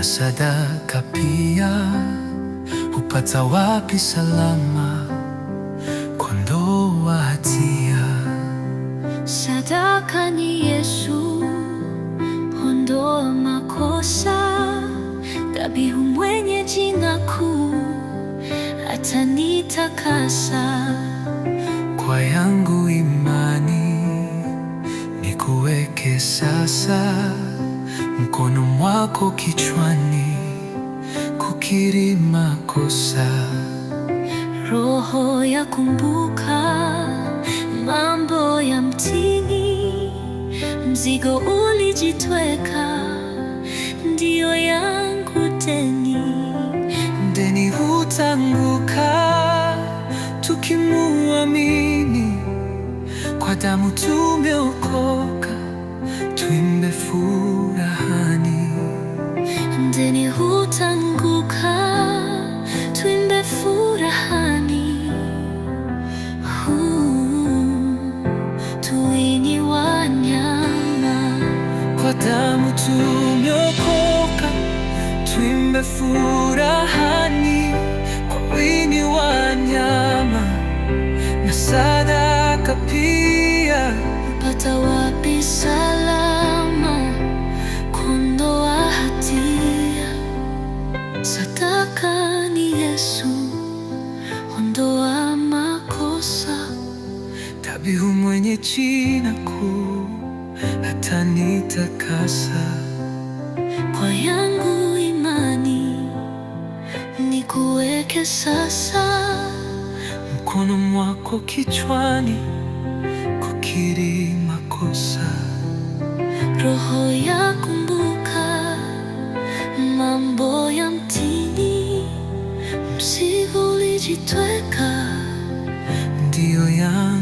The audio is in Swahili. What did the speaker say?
na sadaka pia. Hupata wapi salama kondoo wa hatia? Sadaka ni Yesu, hondoa makosa, dhabihu mwenye jina kuu atanitakasa. Kwa yangu imani nikuweke sasa mkono mwako kichwani kukiri makosa, roho ya kumbuka mambo ya mtini, mzigo ulijitweka ndiyo yangu deni, deni hutanguka tukimuamini, kwa damu tumeokoka, tuimbe wanadamu tumeokoka, tuimbe furahani kwa wingi wa nyama na sadaka pia. Pata wapi salama kuondoa hatia? Sadaka ni Yesu, ondoa makosa, dhabihu mwenye china kuu kunitakasa. Kwa yangu imani nikuweke sasa, mkono mwako kichwani, kukiri makosa. Roho ya kumbuka mambo ya mtini, msivu ulijitweka, ndiyo yangu